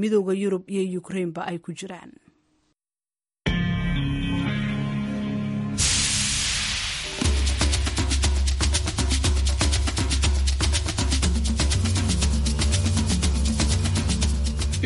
midooda yurub iyo yukrainba ay ku jiraan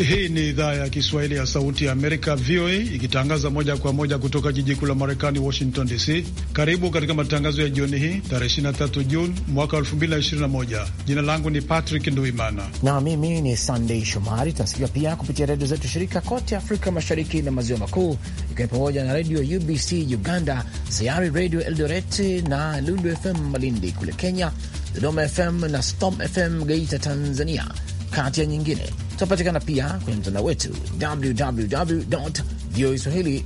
Hii ni idhaa ya Kiswahili ya Sauti ya Amerika, VOA, ikitangaza moja kwa moja kutoka jiji kuu la Marekani, Washington DC. Karibu katika matangazo ya jioni hii tarehe 23 Juni mwaka 2021. Jina langu ni Patrick Nduimana na mimi ni Sandei Shomari. Tunasikia pia kupitia redio zetu shirika kote Afrika Mashariki na Maziwa Makuu, ikiwa pamoja na redio UBC Uganda, Sayari Redio Eldoret na Lulu FM Malindi kule Kenya, Dodoma FM na Storm FM Geita Tanzania, kati ya nyingine. Tunapatikana pia kwenye mtandao wetu www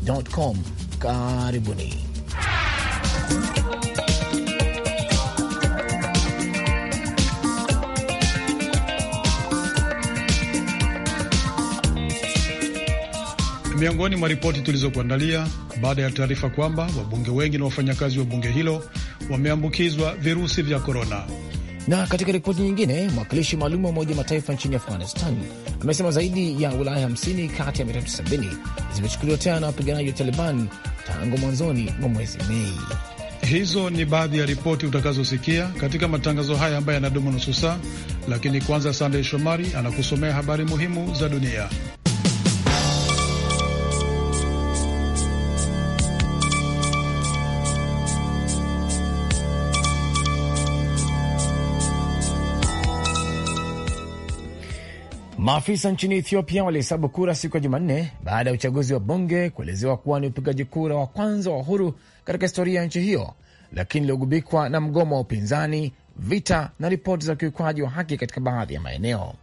voa Karibuni. Miongoni mwa ripoti tulizokuandalia, baada ya taarifa kwamba wabunge wengi na wafanyakazi wa bunge hilo wameambukizwa virusi vya korona, na katika ripoti nyingine, mwakilishi maalum wa Umoja Mataifa nchini Afghanistan amesema zaidi ya wilaya 50 kati ya 370 zimechukuliwa tena na wapiganaji wa Taliban tangu mwanzoni mwa mwezi Mei. Hizo ni baadhi ya ripoti utakazosikia katika matangazo haya ambayo yanadumu nusu saa, lakini kwanza, Sandey Shomari anakusomea habari muhimu za dunia. Maafisa nchini Ethiopia walihesabu kura siku ya Jumanne baada ya uchaguzi wa bunge kuelezewa kuwa ni upigaji kura wa kwanza wa uhuru katika historia ya nchi hiyo, lakini iliogubikwa na mgomo wa upinzani, vita na ripoti za ukiukwaji wa haki katika baadhi ya maeneo.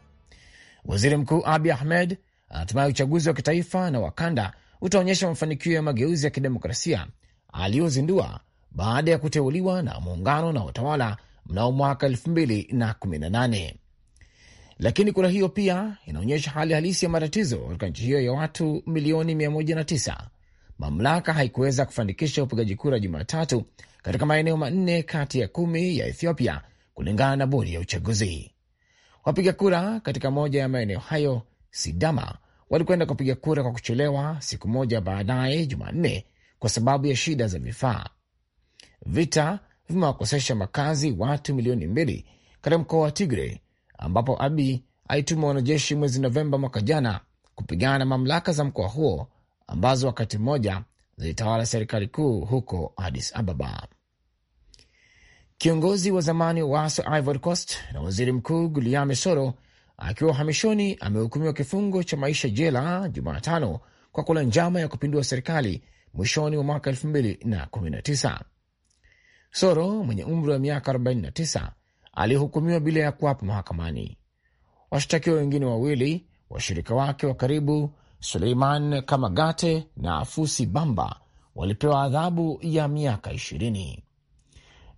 Waziri Mkuu Abi Ahmed anatumai uchaguzi wa kitaifa na wakanda utaonyesha mafanikio ya mageuzi ya kidemokrasia aliyozindua baada ya kuteuliwa na muungano na utawala mnao mwaka 218 lakini kura hiyo pia inaonyesha hali halisi ya matatizo katika nchi hiyo ya watu milioni 109. Mamlaka haikuweza kufanikisha upigaji kura Jumatatu katika maeneo manne kati ya kumi ya Ethiopia, kulingana na bodi ya uchaguzi. Wapiga kura katika moja ya maeneo hayo, Sidama, walikwenda kupiga kura kwa kuchelewa siku moja baadaye Jumanne kwa sababu ya shida za vifaa. Vita vimewakosesha makazi watu milioni mbili katika mkoa wa Tigre ambapo Abi alituma wanajeshi mwezi Novemba mwaka jana kupigana na mamlaka za mkoa huo ambazo wakati mmoja zilitawala serikali kuu huko Addis Ababa. Kiongozi wa zamani wa waasi wa Ivory Coast na waziri mkuu Guillaume Soro akiwa uhamishoni amehukumiwa kifungo cha maisha jela Jumatano kwa kula njama ya kupindua serikali mwishoni mwa mwaka 2019. Soro mwenye umri wa miaka 49 aliyehukumiwa bila ya kuwapa mahakamani. Washtakiwa wengine wawili washirika wake wa karibu Suleiman Kamagate na Afusi Bamba walipewa adhabu ya miaka ishirini.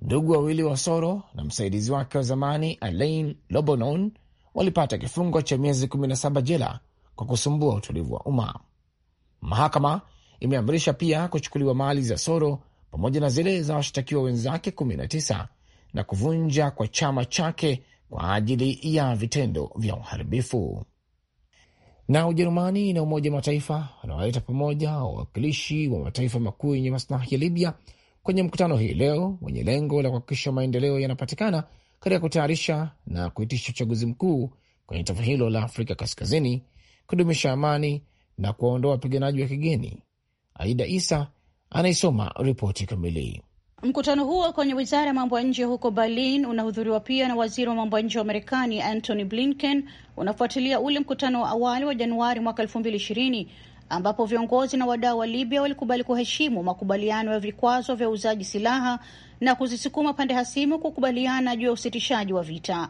Ndugu wawili wa Soro na msaidizi wake wa zamani Alain Lobonon walipata kifungo cha miezi 17 jela kwa kusumbua utulivu wa umma. Mahakama imeamrisha pia kuchukuliwa mali za Soro pamoja na zile za washtakiwa wenzake 19 na kuvunja kwa chama chake kwa ajili ya vitendo vya uharibifu. Na Ujerumani na Umoja wa Mataifa wanawaleta pamoja wawakilishi wa mataifa makuu yenye maslahi ya Libya kwenye mkutano hii leo wenye lengo la kuhakikisha maendeleo yanapatikana katika kutayarisha na kuitisha uchaguzi mkuu kwenye taifa hilo la Afrika Kaskazini, kudumisha amani na kuwaondoa wapiganaji wa kigeni. Aida Isa anaisoma ripoti kamili. Mkutano huo kwenye wizara ya mambo ya nje huko Berlin unahudhuriwa pia na waziri wa mambo ya nje wa Marekani Antony Blinken, unafuatilia ule mkutano wa awali wa Januari mwaka elfu mbili ishirini ambapo viongozi na wadau wa Libya walikubali kuheshimu makubaliano ya vikwazo vya uuzaji silaha na kuzisukuma pande hasimu kukubaliana juu ya usitishaji wa vita.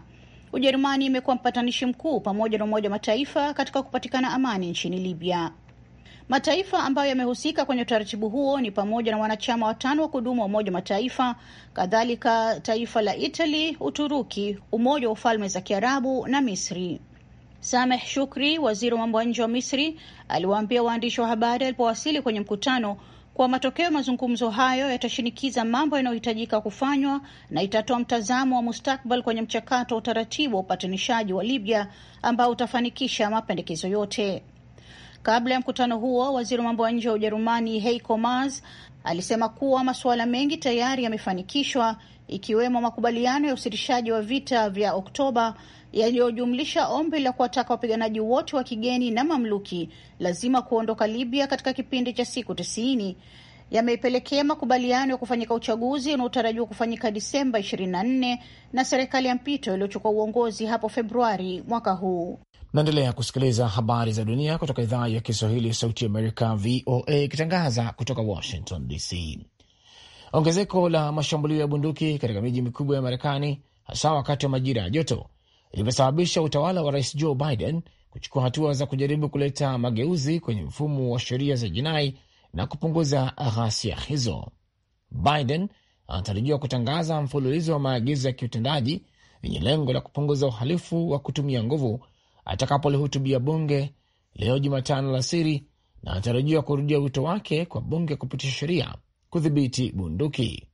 Ujerumani imekuwa mpatanishi mkuu pamoja na Umoja wa Mataifa katika kupatikana amani nchini Libya. Mataifa ambayo yamehusika kwenye utaratibu huo ni pamoja na wanachama watano wa kudumu wa Umoja wa Mataifa, kadhalika taifa la itali Uturuki, Umoja wa ufalme za Kiarabu na Misri. Sameh Shukri, waziri wa mambo ya nje wa Misri, aliwaambia waandishi wa habari alipowasili kwenye mkutano kwa matokeo ya mazungumzo hayo yatashinikiza mambo yanayohitajika kufanywa na itatoa mtazamo wa mustakbal kwenye mchakato wa utaratibu wa upatanishaji wa Libya ambao utafanikisha mapendekezo yote. Kabla ya mkutano huo, waziri wa mambo ya nje wa Ujerumani Heiko Maas alisema kuwa masuala mengi tayari yamefanikishwa ikiwemo makubaliano ya usitishaji wa vita vya Oktoba yaliyojumlisha ombi la kuwataka wapiganaji wote wa kigeni na mamluki lazima kuondoka Libya katika kipindi cha siku tisini yameipelekea makubaliano ya kufanyika uchaguzi unaotarajiwa kufanyika Disemba 24 na serikali ya mpito iliyochukua uongozi hapo Februari mwaka huu. Naendelea kusikiliza habari za dunia kutoka idhaa ya Kiswahili ya sauti Amerika, VOA, ikitangaza kutoka Washington DC. Ongezeko la mashambulio ya bunduki katika miji mikubwa ya Marekani, hasa wakati wa majira ya joto, limesababisha utawala wa Rais Joe Biden kuchukua hatua za kujaribu kuleta mageuzi kwenye mfumo wa sheria za jinai na kupunguza ghasia hizo. Biden anatarajiwa kutangaza mfululizo wa maagizo ya kiutendaji yenye lengo la kupunguza uhalifu wa kutumia nguvu atakapolihutubia bunge leo Jumatano siri, na anatarajiwa kurudia wito wake kwa bunge kupitisha sheria kudhibiti bunduki.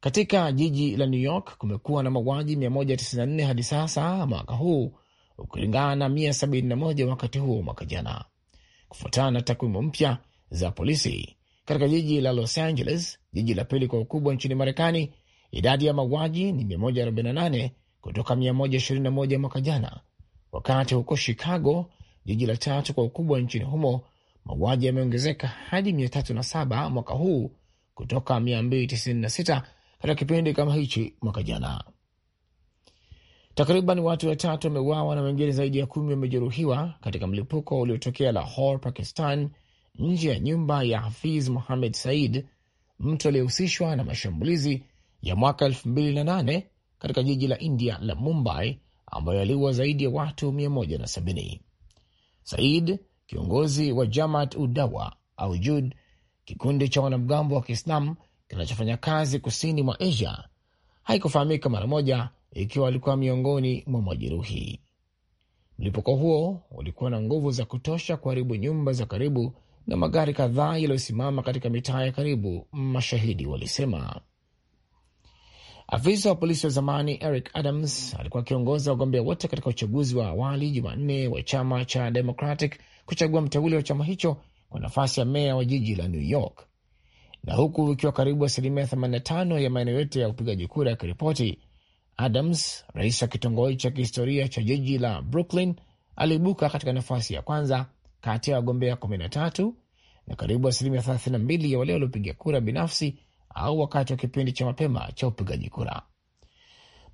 Katika jiji la New York kumekuwa na mauaji 194 hadi sasa mwaka huu ukilingana na 171 wakati huo mwaka jana, kufuatana na takwimu mpya za polisi. Katika jiji la Los Angeles, jiji la pili kwa ukubwa nchini Marekani, idadi ya mauaji ni 148 kutoka 121 mwaka jana, Wakati huko Chicago, jiji la tatu kwa ukubwa nchini humo, mauaji yameongezeka hadi 307 mwaka huu kutoka 296 katika kipindi kama hichi mwaka jana. Takriban watu watatu wameuawa na wengine zaidi ya kumi wamejeruhiwa katika mlipuko uliotokea Lahore, Pakistan, nje ya nyumba ya Hafiz Muhamed Said, mtu aliyehusishwa na mashambulizi ya mwaka 2008 katika jiji la India la Mumbai ambayo aliua zaidi ya watu 170. Said, kiongozi wa Jamaat Udawa au JUD, kikundi cha wanamgambo wa Kiislamu kinachofanya kazi kusini mwa Asia, haikufahamika mara moja ikiwa alikuwa miongoni mwa majeruhi. Mlipuko huo ulikuwa na nguvu za kutosha kuharibu nyumba za karibu na magari kadhaa yaliyosimama katika mitaa ya karibu, mashahidi walisema. Afisa wa polisi wa zamani Eric Adams alikuwa akiongoza wagombea wote katika uchaguzi wa awali Jumanne wa chama cha Democratic kuchagua mteule wa chama hicho kwa nafasi ya meya wa jiji la New York, na huku ikiwa karibu asilimia 85 ya maeneo yote ya upigaji kura ya kiripoti, Adams, rais wa kitongoji cha kihistoria cha jiji la Brooklyn, aliibuka katika nafasi ya kwanza kati ya wagombea 13 na karibu asilimia 32 ya wale waliopiga kura binafsi au wakati wa kipindi cha mapema cha upigaji kura.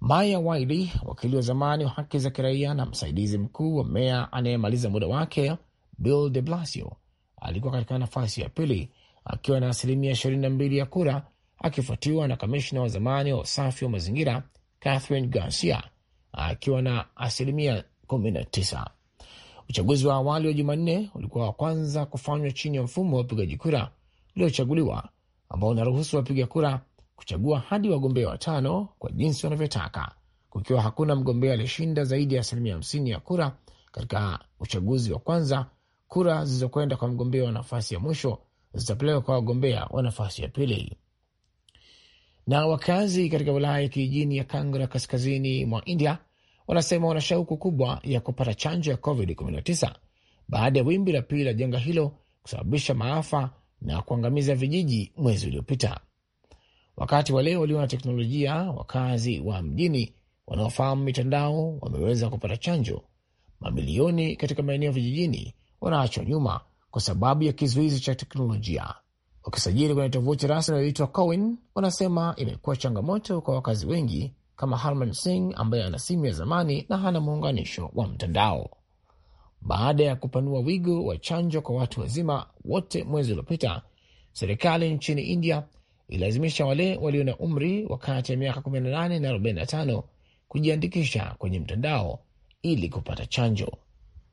Maya Wiley, wakili wa zamani wa haki za kiraia na msaidizi mkuu wa meya anayemaliza muda wake Bill de Blasio, alikuwa katika nafasi ya pili akiwa na asilimia 22 ya kura, akifuatiwa na kamishna wa zamani wa usafi wa mazingira Catherine Garcia akiwa na asilimia 19. Uchaguzi wa awali wa Jumanne ulikuwa wa kwanza kufanywa chini ya mfumo wa upigaji kura uliochaguliwa ambao unaruhusu wapiga kura kuchagua hadi wagombea watano kwa jinsi wanavyotaka, kukiwa hakuna mgombea aliyeshinda zaidi ya asilimia hamsini ya kura katika uchaguzi wa kwanza. Kura zilizokwenda kwa mgombea wa nafasi ya mwisho zitapelekwa kwa wagombea wa nafasi ya pili. Na wakazi katika wilaya ya kijijini ya Kangra kaskazini mwa India wanasema wana shauku kubwa ya kupata chanjo ya COVID-19 baada ya wimbi la pili la janga hilo kusababisha maafa na kuangamiza vijiji mwezi uliopita. Wakati wale walio na teknolojia, wakazi wa mjini wanaofahamu mitandao wameweza kupata chanjo, mamilioni katika maeneo vijijini wanaachwa nyuma kwa sababu ya kizuizi cha teknolojia. Wakisajili kwenye tovuti rasmi inayoitwa Cowin, wanasema imekuwa changamoto kwa wakazi wengi kama Harman Singh ambaye ana simu ya zamani na hana muunganisho wa mtandao baada ya kupanua wigo wa chanjo kwa watu wazima wote mwezi uliopita, serikali nchini India ililazimisha wale walio na umri wa kati ya miaka 18 na 45 kujiandikisha kwenye mtandao ili kupata chanjo.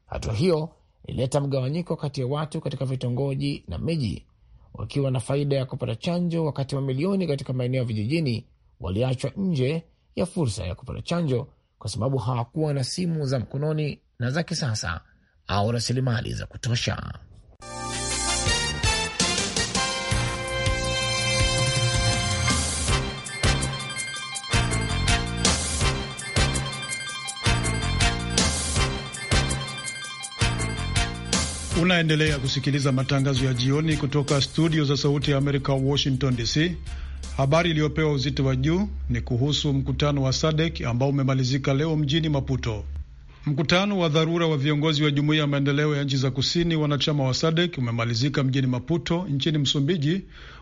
Hatua hiyo ilileta mgawanyiko kati ya watu katika vitongoji na miji, wakiwa na faida ya kupata chanjo, wakati mamilioni katika maeneo ya vijijini waliachwa nje ya fursa ya kupata chanjo kwa sababu hawakuwa na simu za mkononi na za kisasa au rasilimali za kutosha. Unaendelea kusikiliza matangazo ya jioni kutoka studio za Sauti ya Amerika, Washington DC. Habari iliyopewa uzito wa juu ni kuhusu mkutano wa SADC ambao umemalizika leo mjini Maputo. Mkutano wa dharura wa viongozi wa jumuiya ya maendeleo ya nchi za kusini wanachama wa SADC umemalizika mjini Maputo nchini Msumbiji,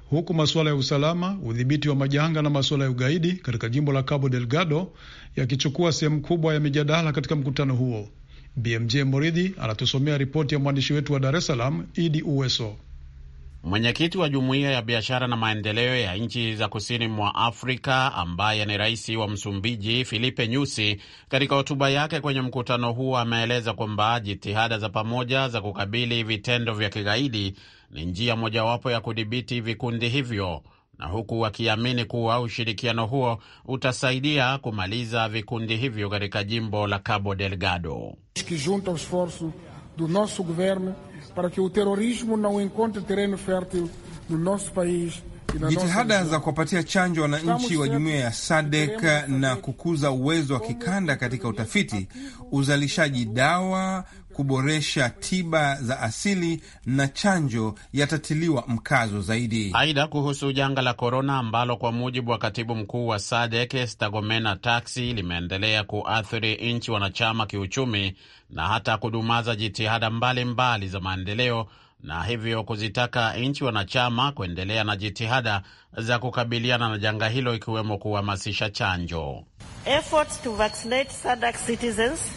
huku masuala ya usalama, udhibiti wa majanga na masuala ya ugaidi katika jimbo la Cabo Delgado yakichukua sehemu kubwa ya mijadala katika mkutano huo. BMJ Moridhi anatusomea ripoti ya mwandishi wetu wa Dar es Salaam, Idi Uweso. Mwenyekiti wa Jumuiya ya Biashara na Maendeleo ya Nchi za Kusini mwa Afrika ambaye ni rais wa Msumbiji Filipe Nyusi, katika hotuba yake kwenye mkutano huo ameeleza kwamba jitihada za pamoja za kukabili vitendo vya kigaidi ni njia mojawapo ya kudhibiti vikundi hivyo, na huku akiamini kuwa ushirikiano huo utasaidia kumaliza vikundi hivyo katika jimbo la Cabo Delgado. para que o terrorismo não encontre terreno fértil no nosso país Jitihada za kuwapatia chanjo wananchi wa jumuiya ya eh, SADC na kukuza uwezo wa kikanda katika utafiti, uzalishaji dawa, kuboresha tiba za asili na chanjo yatatiliwa mkazo zaidi. Aidha, kuhusu janga la korona ambalo kwa mujibu wa katibu mkuu wa SADC stagomena Taxi limeendelea kuathiri nchi wanachama kiuchumi na hata kudumaza jitihada mbalimbali mbali za maendeleo na hivyo kuzitaka nchi wanachama kuendelea na jitihada za kukabiliana na janga hilo ikiwemo kuhamasisha chanjo.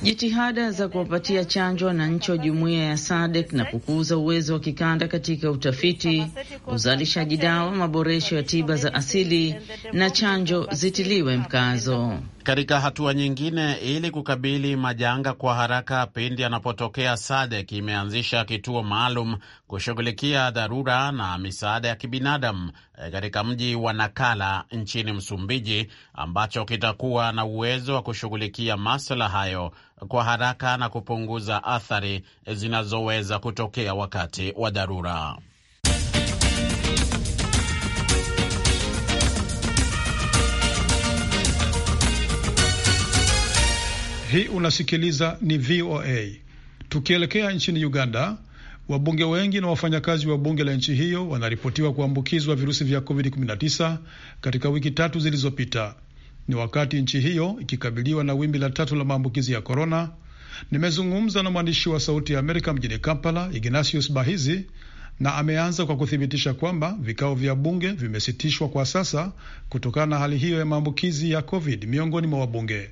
Jitihada za kuwapatia chanjo wananchi wa jumuiya ya SADC na kukuza uwezo wa kikanda katika utafiti, uzalishaji dawa, maboresho ya tiba za asili na chanjo zitiliwe mkazo. Katika hatua nyingine, ili kukabili majanga kwa haraka pindi yanapotokea, SADC imeanzisha kituo maalum kushughulikia dharura na misaada ya kibinadamu eh, katika mji wa Nakala nchini Msumbiji, ambacho kitakuwa na uwezo wa kushughulikia maswala hayo kwa haraka na kupunguza athari zinazoweza kutokea wakati wa dharura. Hii unasikiliza ni VOA. Tukielekea nchini Uganda, wabunge wengi na wafanyakazi wa bunge la nchi hiyo wanaripotiwa kuambukizwa virusi vya COVID-19 katika wiki tatu zilizopita. Ni wakati nchi hiyo ikikabiliwa na wimbi la tatu la maambukizi ya korona. Nimezungumza na mwandishi wa Sauti ya Amerika mjini Kampala, Ignatius Bahizi, na ameanza kwa kuthibitisha kwamba vikao vya bunge vimesitishwa kwa sasa kutokana na hali hiyo ya maambukizi ya COVID miongoni mwa wabunge.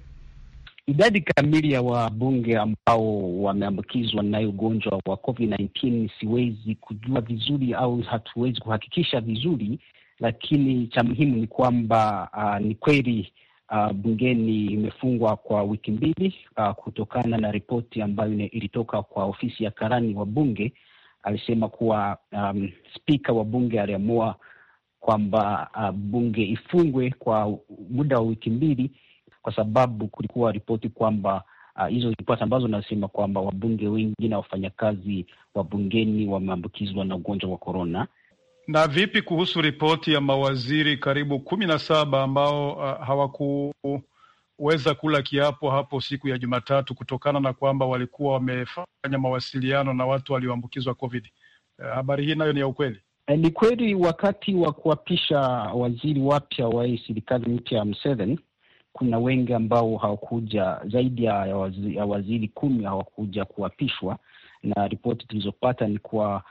Idadi kamili ya wabunge ambao wameambukizwa nayo ugonjwa wa COVID-19 siwezi kujua vizuri au hatuwezi kuhakikisha vizuri, lakini cha muhimu ni kwamba uh, ni kweli uh, bungeni imefungwa kwa wiki mbili uh, kutokana na ripoti ambayo ilitoka kwa ofisi ya karani wa bunge. Alisema kuwa um, spika wa bunge aliamua kwamba uh, bunge ifungwe kwa muda wa wiki mbili kwa sababu kulikuwa ripoti kwamba ah, hizo uh, ripoti ambazo nasema kwamba wabunge wengi na wafanyakazi wa bungeni wameambukizwa na ugonjwa wa korona. Na vipi kuhusu ripoti ya mawaziri karibu kumi na saba ambao uh, hawakuweza kula kiapo hapo siku ya Jumatatu kutokana na kwamba walikuwa wamefanya mawasiliano na watu walioambukizwa COVID? Uh, habari hii nayo ni ya ukweli? Eh, ni kweli. Wakati wa kuapisha waziri wapya wa serikali mpya ya Museveni kuna wengi ambao hawakuja, zaidi ya waziri, ya waziri kumi hawakuja kuapishwa, na ripoti tulizopata ni kuwa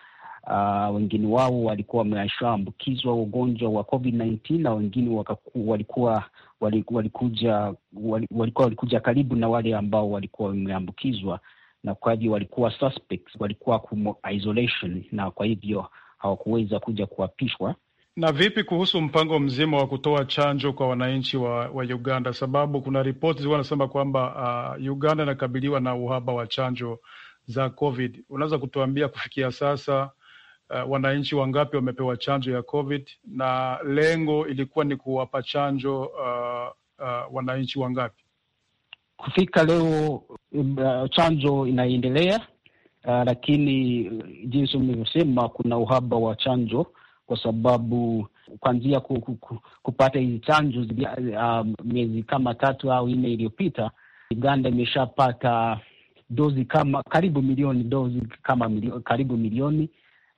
uh, wengine wao walikuwa wameshaambukizwa ugonjwa wa COVID-19 na wengine wakaku, walikuwa walikuja walikuwa walikuja karibu na wale ambao walikuwa wameambukizwa, na kwa hivyo walikuwa suspects, walikuwa kumo isolation, na kwa hivyo hawakuweza kuja kuapishwa. Na vipi kuhusu mpango mzima wa kutoa chanjo kwa wananchi wa, wa Uganda? Sababu kuna ripoti zilikuwa nasema kwamba uh, Uganda inakabiliwa na uhaba wa chanjo za COVID. Unaweza kutuambia kufikia sasa uh, wananchi wangapi wamepewa chanjo ya COVID na lengo ilikuwa ni kuwapa chanjo uh, uh, wananchi wangapi? Kufika leo uh, chanjo inaendelea uh, lakini uh, jinsi mlivyosema kuna uhaba wa chanjo kwa sababu kuanzia ku, ku, ku, kupata hizi chanjo uh, miezi kama tatu au nne iliyopita Uganda imeshapata dozi kama karibu milioni dozi kama milio, karibu milioni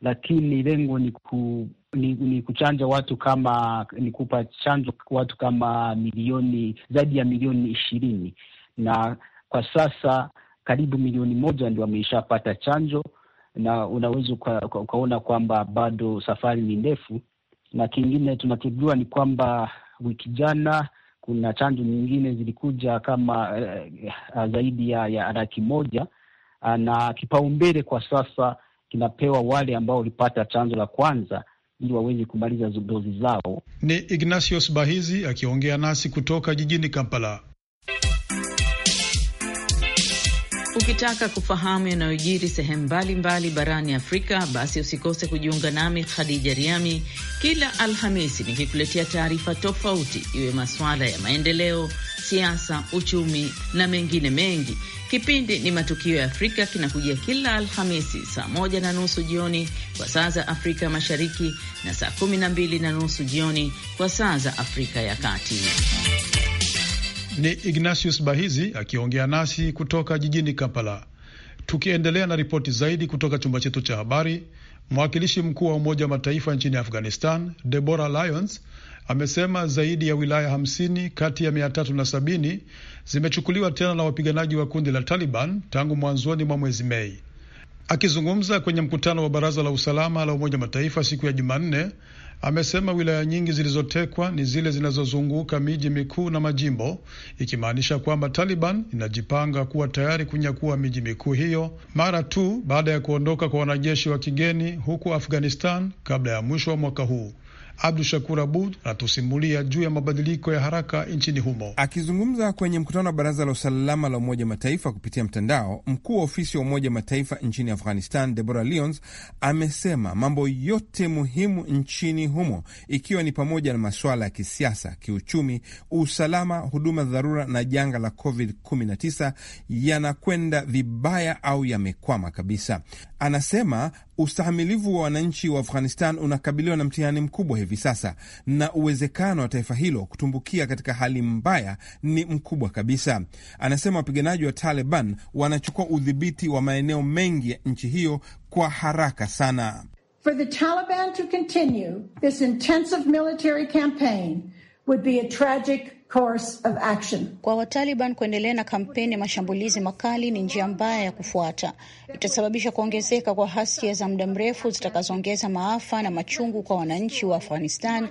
lakini lengo ni, ku, ni, ni kuchanja watu kama ni kupa chanjo watu kama milioni zaidi ya milioni ishirini na kwa sasa karibu milioni moja ndio wameishapata chanjo na unaweza ukaona kwamba bado safari ni ndefu. Na kingine tunachojua ni kwamba wiki jana kuna chanjo nyingine zilikuja kama uh, zaidi ya, ya laki moja uh, na kipaumbele kwa sasa kinapewa wale ambao walipata chanjo la kwanza ili waweze kumaliza dozi zao. Ni Ignatius Bahizi akiongea nasi kutoka jijini Kampala. Ukitaka kufahamu yanayojiri sehemu mbalimbali barani Afrika, basi usikose kujiunga nami Khadija Riami kila Alhamisi nikikuletea taarifa tofauti, iwe masuala ya maendeleo, siasa, uchumi na mengine mengi. Kipindi ni Matukio ya Afrika kinakujia kila Alhamisi saa moja na nusu jioni kwa saa za Afrika Mashariki na saa kumi na mbili na nusu jioni kwa saa za Afrika ya Kati. Ni Ignatius Bahizi akiongea nasi kutoka jijini Kampala. Tukiendelea na ripoti zaidi kutoka chumba chetu cha habari, mwakilishi mkuu wa Umoja wa Mataifa nchini Afghanistan Deborah Lyons amesema zaidi ya wilaya hamsini kati ya mia tatu na sabini zimechukuliwa tena na wapiganaji wa kundi la Taliban tangu mwanzoni mwa mwezi Mei. Akizungumza kwenye mkutano wa Baraza la Usalama la Umoja wa Mataifa siku ya Jumanne, Amesema wilaya nyingi zilizotekwa ni zile zinazozunguka miji mikuu na majimbo, ikimaanisha kwamba Taliban inajipanga kuwa tayari kunyakua miji mikuu hiyo mara tu baada ya kuondoka kwa wanajeshi wa kigeni huku Afghanistan kabla ya mwisho wa mwaka huu. Abdu Shakur Abud anatusimulia juu ya mabadiliko ya haraka nchini humo. Akizungumza kwenye mkutano wa baraza la usalama la Umoja Mataifa kupitia mtandao, mkuu wa ofisi ya Umoja Mataifa nchini Afghanistan Deborah Lyons amesema mambo yote muhimu nchini humo, ikiwa ni pamoja na masuala ya kisiasa, kiuchumi, usalama, huduma za dharura na janga la COVID-19 yanakwenda vibaya au yamekwama kabisa. Anasema Ustahamilivu wa wananchi wa Afghanistan unakabiliwa na mtihani mkubwa hivi sasa, na uwezekano wa taifa hilo kutumbukia katika hali mbaya ni mkubwa kabisa, anasema. Wapiganaji wa Taliban wanachukua udhibiti wa maeneo mengi ya nchi hiyo kwa haraka sana. For the Taliban to continue this intensive military campaign would be a tragic of Kwa Wataliban kuendelea na kampeni ya mashambulizi makali ni njia mbaya ya kufuata, itasababisha kuongezeka kwa ghasia za muda mrefu zitakazoongeza maafa na machungu kwa wananchi wa Afghanistan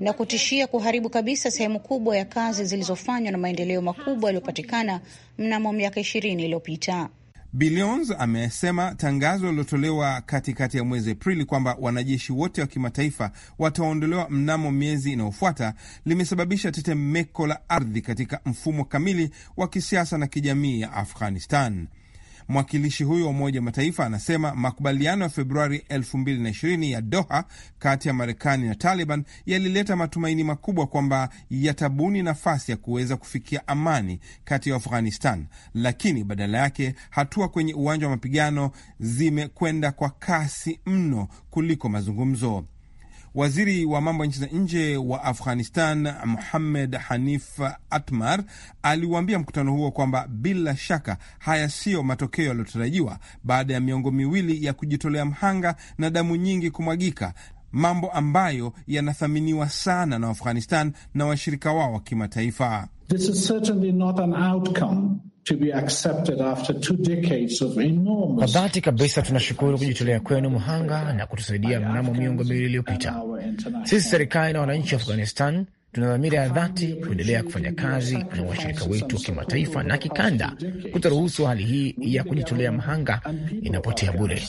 na kutishia kuharibu kabisa sehemu kubwa ya kazi zilizofanywa na maendeleo makubwa yaliyopatikana mnamo miaka ishirini iliyopita. Billions amesema tangazo lililotolewa katikati ya mwezi Aprili kwamba wanajeshi wote wa kimataifa wataondolewa mnamo miezi inayofuata limesababisha tetemeko la ardhi katika mfumo kamili wa kisiasa na kijamii ya Afghanistan. Mwakilishi huyo wa Umoja Mataifa anasema makubaliano ya Februari 2020 ya Doha kati ya Marekani na Taliban yalileta matumaini makubwa kwamba yatabuni nafasi ya kuweza kufikia amani kati ya Afghanistan, lakini badala yake hatua kwenye uwanja wa mapigano zimekwenda kwa kasi mno kuliko mazungumzo. Waziri wa mambo ya nchi za nje wa Afghanistan Muhammed Hanif Atmar aliuambia mkutano huo kwamba bila shaka haya siyo matokeo yaliyotarajiwa baada ya miongo miwili ya kujitolea mhanga na damu nyingi kumwagika, mambo ambayo yanathaminiwa sana na Afghanistan na washirika wao wa kimataifa. Kwa dhati kabisa tunashukuru kujitolea kwenu mhanga na kutusaidia mnamo miongo miwili iliyopita. Sisi serikali na wananchi wa Afghanistan tuna dhamira ya dhati kuendelea kufanya kazi na washirika wetu wa kimataifa na kikanda, kutaruhusu hali hii ya kujitolea mhanga inapotea bure.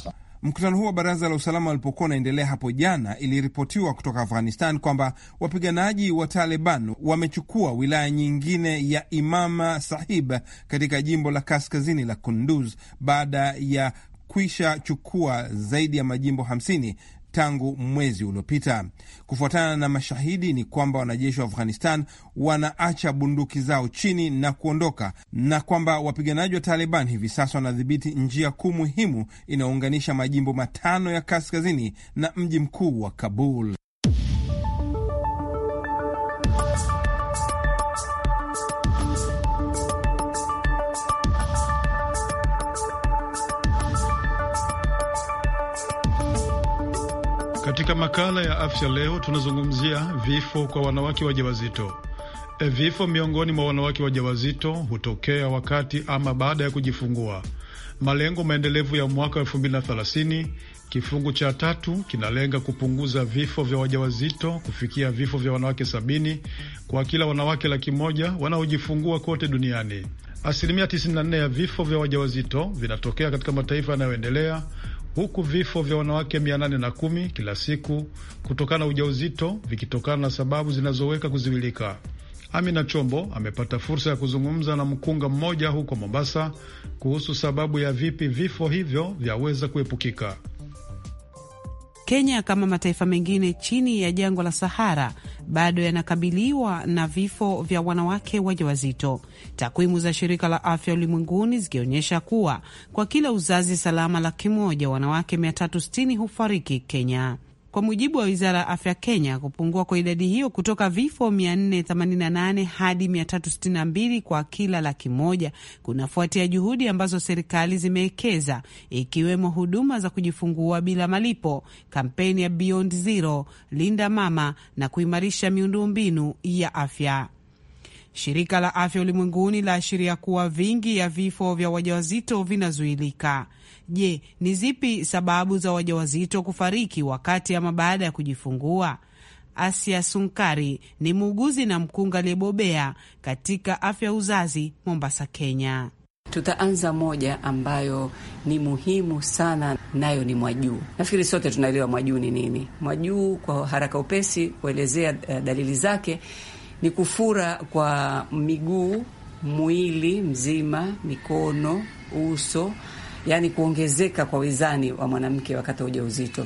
Mkutano huo wa baraza la usalama walipokuwa unaendelea hapo jana, iliripotiwa kutoka Afghanistan kwamba wapiganaji wa Taliban wamechukua wilaya nyingine ya Imama Sahib katika jimbo la kaskazini la Kunduz baada ya kuisha chukua zaidi ya majimbo 50 tangu mwezi uliopita. Kufuatana na mashahidi, ni kwamba wanajeshi wa Afghanistan wanaacha bunduki zao chini na kuondoka, na kwamba wapiganaji wa Taliban hivi sasa wanadhibiti njia kuu muhimu inayounganisha majimbo matano ya kaskazini na mji mkuu wa Kabul. Katika makala ya afya leo tunazungumzia vifo kwa wanawake wajawazito. E, vifo miongoni mwa wanawake wajawazito hutokea wakati ama baada ya kujifungua. Malengo maendelevu ya mwaka 2030 kifungu cha tatu kinalenga kupunguza vifo vya wajawazito kufikia vifo vya wanawake sabini kwa kila wanawake laki moja wanaojifungua kote duniani. Asilimia 94 ya vifo vya wajawazito vinatokea katika mataifa yanayoendelea huku vifo vya wanawake 810 kila siku kutokana na ujauzito vikitokana na sababu zinazoweka kuziwilika. Amina Chombo amepata fursa ya kuzungumza na mkunga mmoja huko Mombasa kuhusu sababu ya vipi vifo hivyo vyaweza kuepukika. Kenya kama mataifa mengine chini ya jangwa la Sahara bado yanakabiliwa na vifo vya wanawake wajawazito, takwimu za shirika la afya ulimwenguni zikionyesha kuwa kwa kila uzazi salama laki moja wanawake 360 hufariki Kenya kwa mujibu wa wizara ya afya Kenya, kupungua kwa idadi hiyo kutoka vifo 488 hadi 362 kwa kila laki moja kunafuatia juhudi ambazo serikali zimewekeza ikiwemo huduma za kujifungua bila malipo, kampeni ya Beyond Zero, Linda Mama na kuimarisha miundombinu ya afya. Shirika la Afya Ulimwenguni laashiria kuwa vingi ya vifo vya wajawazito vinazuilika. Je, ni zipi sababu za wajawazito kufariki wakati ama baada ya kujifungua? Asia Sunkari ni muuguzi na mkunga aliyebobea katika afya ya uzazi Mombasa, Kenya. Tutaanza moja ambayo ni muhimu sana, nayo ni mwajuu. Nafikiri sote tunaelewa mwajuu ni nini. Mwajuu kwa haraka upesi kuelezea eh, dalili zake ni kufura kwa miguu, mwili mzima, mikono, uso, yaani kuongezeka kwa wizani wa mwanamke wakati wa ujauzito.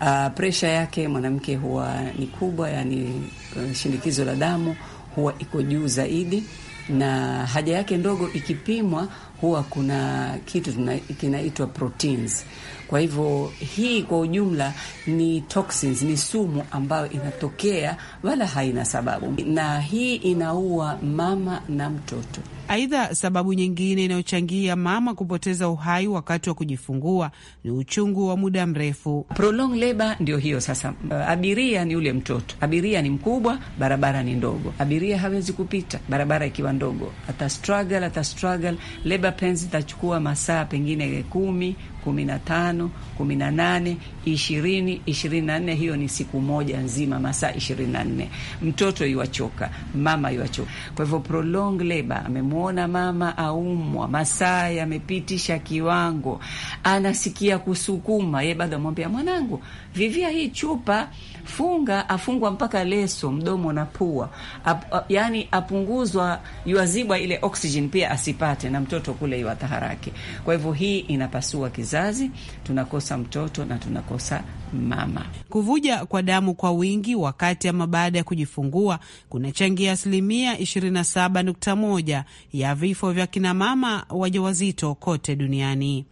Uh, ah, presha yake mwanamke huwa ni kubwa, yani uh, shinikizo la damu huwa iko juu zaidi, na haja yake ndogo ikipimwa huwa kuna kitu kinaitwa proteins kwa hivyo hii kwa ujumla ni toxins, ni sumu ambayo inatokea wala haina sababu, na hii inaua mama na mtoto. Aidha, sababu nyingine inayochangia mama kupoteza uhai wakati wa kujifungua ni uchungu wa muda mrefu. Prolong labor ndio hiyo sasa. Uh, abiria ni yule mtoto, abiria ni mkubwa, barabara ni ndogo, abiria hawezi kupita barabara ikiwa ndogo, ata struggle, ata struggle. Labor pains itachukua masaa pengine kumi kumi na tano, kumi na nane, ishirini, ishirini na nne. Hiyo ni siku moja nzima, masaa ishirini na nne. Mtoto yuachoka, mama yuachoka. Kwa hivyo prolong labor, amemwona mama aumwa, masaa yamepitisha kiwango, anasikia kusukuma, ye bado amwambia mwanangu, vivia hii chupa funga afungwa mpaka leso mdomo na pua ap, ap, yani apunguzwa yuazibwa ile oxygen pia asipate, na mtoto kule yuataharaki. Kwa hivyo hii inapasua kizazi, tunakosa mtoto na tunakosa mama. Kuvuja kwa damu kwa wingi wakati ama baada ya kujifungua kunachangia asilimia 27.1 ya vifo vya kinamama wajawazito kote duniani.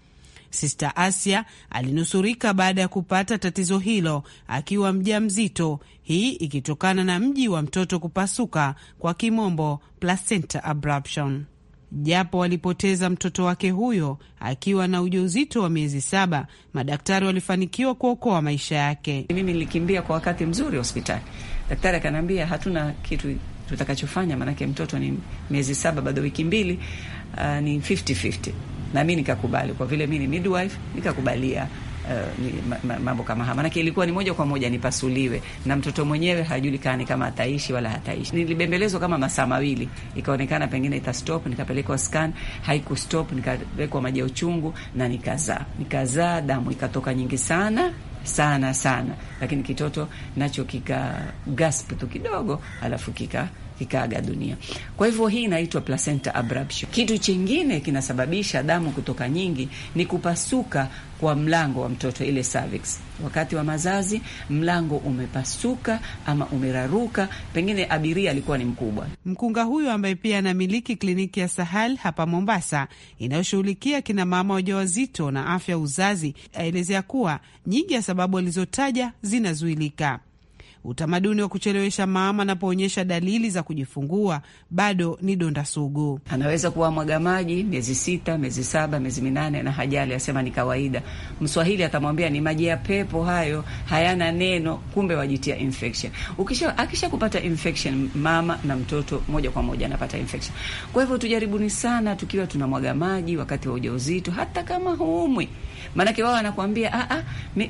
Sister Asia alinusurika baada ya kupata tatizo hilo akiwa mja mzito hii ikitokana na mji wa mtoto kupasuka, kwa kimombo placenta abruption. Japo walipoteza mtoto wake huyo akiwa na ujauzito wa miezi saba, madaktari walifanikiwa kuokoa maisha yake. Mimi nilikimbia kwa wakati mzuri hospitali, daktari akaniambia hatuna kitu tutakachofanya, maanake mtoto ni miezi saba, bado wiki mbili, uh, ni 50-50 na mi nikakubali, kwa vile mi ni midwife, nikakubalia Uh, mambo kama haya maanake ilikuwa ni moja kwa moja nipasuliwe, na mtoto mwenyewe hajulikani kama ataishi wala hataishi. Nilibembelezwa kama masaa mawili, ikaonekana pengine itastop, nikapelekwa scan, haikustop, nikawekwa maji ya uchungu na nikazaa. Nikazaa, damu ikatoka nyingi sana, sana sana, lakini kitoto nacho kika gasp tu kidogo, alafu kika kikaaga dunia. Kwa hivyo hii inaitwa placenta abruption. Kitu chingine kinasababisha damu kutoka nyingi ni kupasuka kwa mlango wa mtoto, ile cervix. Wakati wa mazazi mlango umepasuka ama umeraruka, pengine abiria alikuwa ni mkubwa. Mkunga huyu ambaye pia anamiliki kliniki ya Sahal hapa Mombasa inayoshughulikia kina mama wajawazito na afya uzazi, aelezea kuwa nyingi ya sababu alizotaja zinazuilika. Utamaduni wa kuchelewesha mama anapoonyesha dalili za kujifungua bado ni donda sugu. Anaweza kuwa mwaga maji miezi sita, miezi saba, miezi minane na hajali, asema ni kawaida. Mswahili atamwambia ni maji ya pepo hayo, hayana neno, kumbe wajitia infection. Ukisha akisha kupata infection, mama na mtoto moja kwa moja anapata infection. Kwa hivyo tujaribuni sana tukiwa tuna mwaga maji wakati wa ujauzito, hata kama huumwi, maanake wao anakuambia ah, ah,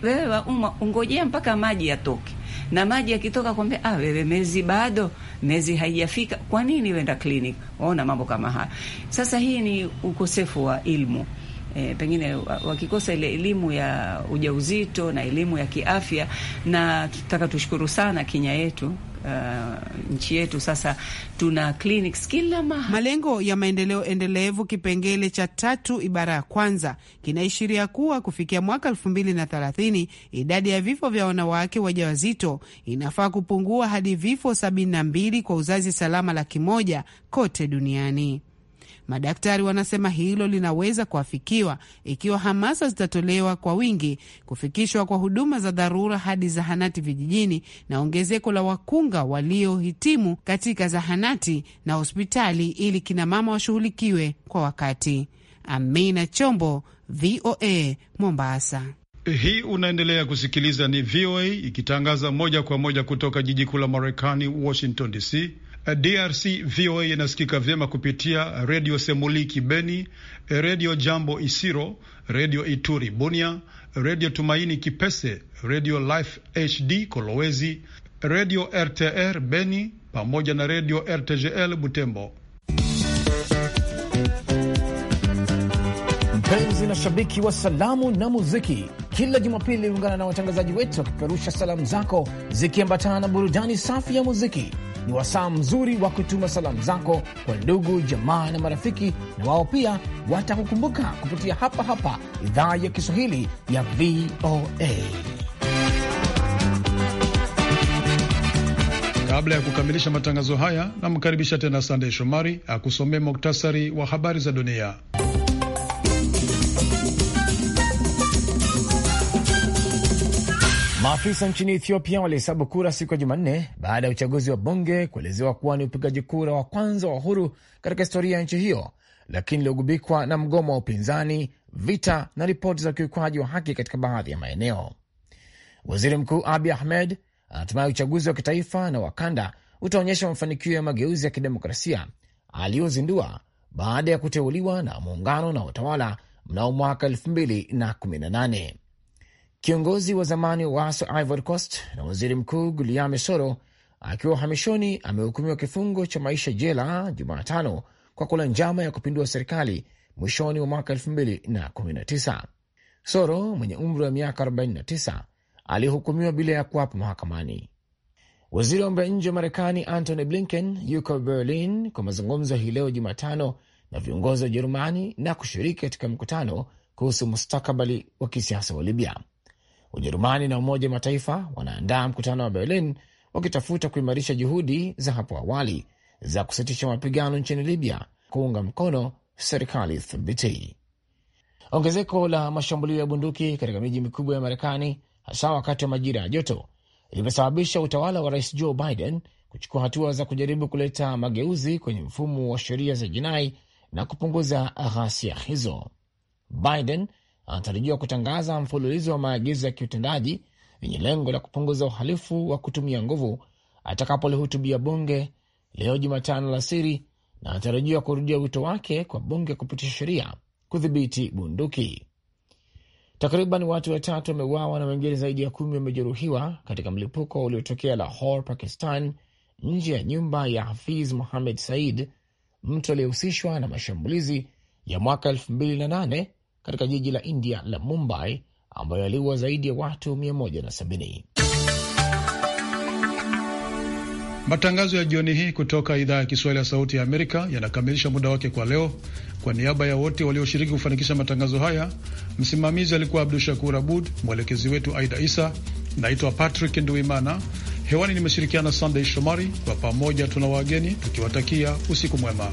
wewe waumwa, ungojea mpaka maji yatoke na maji yakitoka kwambia, ah, wewe mezi bado mezi haijafika, kwa nini wenda klinik Waona mambo kama haya. Sasa hii ni ukosefu wa ilmu. E, eh, pengine wakikosa ile elimu ya ujauzito na elimu ya kiafya, na tutaka tushukuru sana Kenya yetu uh, nchi yetu. Sasa tuna clinics kila mahali. Malengo ya maendeleo endelevu kipengele cha tatu ibara ya kwanza kinaishiria kuwa kufikia mwaka elfu mbili na thelathini idadi ya vifo vya wanawake wajawazito inafaa kupungua hadi vifo sabini na mbili kwa uzazi salama laki moja kote duniani. Madaktari wanasema hilo linaweza kuafikiwa ikiwa hamasa zitatolewa kwa wingi, kufikishwa kwa huduma za dharura hadi zahanati vijijini, na ongezeko la wakunga waliohitimu katika zahanati na hospitali, ili kinamama washughulikiwe kwa wakati. Amina Chombo, VOA Mombasa. Hii unaendelea kusikiliza ni VOA ikitangaza moja kwa moja kutoka jiji kuu la Marekani, Washington DC. Eh, DRC VOA inasikika vyema kupitia redio Semuliki Beni, eh, redio Jambo Isiro, redio Ituri Bunia, redio Tumaini Kipese, redio Life HD Kolowezi, redio RTR Beni pamoja na redio RTGL Butembo. Mpenzi na shabiki wa salamu na muziki, kila Jumapili ungana na watangazaji wetu wakipeperusha salamu zako zikiambatana na burudani safi ya muziki ni wasaa mzuri wa kutuma salamu zako kwa ndugu jamaa na marafiki, na wao pia watakukumbuka kupitia hapa hapa idhaa ya Kiswahili ya VOA. Kabla ya kukamilisha matangazo haya, namkaribisha tena Sandey Shomari akusomee muktasari wa habari za dunia. Maafisa nchini Ethiopia walihesabu kura siku ya Jumanne baada ya uchaguzi wa bunge kuelezewa kuwa ni upigaji kura wa kwanza wa uhuru katika historia ya nchi hiyo, lakini iliogubikwa na mgomo wa upinzani, vita na ripoti za ukiukwaji wa haki katika baadhi ya maeneo. Waziri Mkuu Abi Ahmed anatumai uchaguzi wa kitaifa na wakanda utaonyesha mafanikio ya mageuzi ya kidemokrasia aliyozindua baada ya kuteuliwa na muungano na utawala mnao mwaka 2018. Kiongozi wa zamani wa waasi wa Ivory Coast na waziri mkuu Guillaume Soro akiwa uhamishoni amehukumiwa kifungo cha maisha jela Jumatano kwa kula njama ya kupindua serikali mwishoni mwa mwaka 2019. Soro mwenye umri wa miaka 49 alihukumiwa bila ya kuwapo mahakamani. Waziri wa mambo ya nje wa Marekani Antony Blinken yuko Berlin kwa mazungumzo hii leo Jumatano na viongozi wa Ujerumani na kushiriki katika mkutano kuhusu mustakabali wa kisiasa wa Libya. Ujerumani na Umoja wa Mataifa wanaandaa mkutano wa Berlin wakitafuta kuimarisha juhudi za hapo awali za kusitisha mapigano nchini Libya, kuunga mkono serikali thabiti. Ongezeko la mashambulio ya bunduki katika miji mikubwa ya Marekani, hasa wakati wa majira ya joto, limesababisha utawala wa Rais Joe Biden kuchukua hatua za kujaribu kuleta mageuzi kwenye mfumo wa sheria za jinai na kupunguza ghasia hizo. Biden anatarajiwa kutangaza mfululizo wa maagizo ya kiutendaji yenye lengo la kupunguza uhalifu wa kutumia nguvu atakapolihutubia bunge leo Jumatano siri, na anatarajiwa kurudia wito wake kwa bunge kupitisha sheria kudhibiti bunduki. Takriban watu watatu wameuawa na wengine zaidi ya kumi wamejeruhiwa katika mlipuko uliotokea Lahore, Pakistan, nje ya nyumba ya Hafiz Muhamed Said, mtu aliyehusishwa na mashambulizi ya mwaka elfu mbili na nane katika jiji la India la Mumbai ambayo aliua zaidi ya watu 170. Matangazo ya jioni hii kutoka idhaa ya Kiswahili ya Sauti ya Amerika yanakamilisha muda wake kwa leo. Kwa niaba ya wote walioshiriki kufanikisha matangazo haya, msimamizi alikuwa Abdu Shakur Abud, mwelekezi wetu Aida Isa. Naitwa Patrick Nduimana, hewani nimeshirikiana Sandey Shomari. Kwa pamoja tuna wageni tukiwatakia usiku mwema.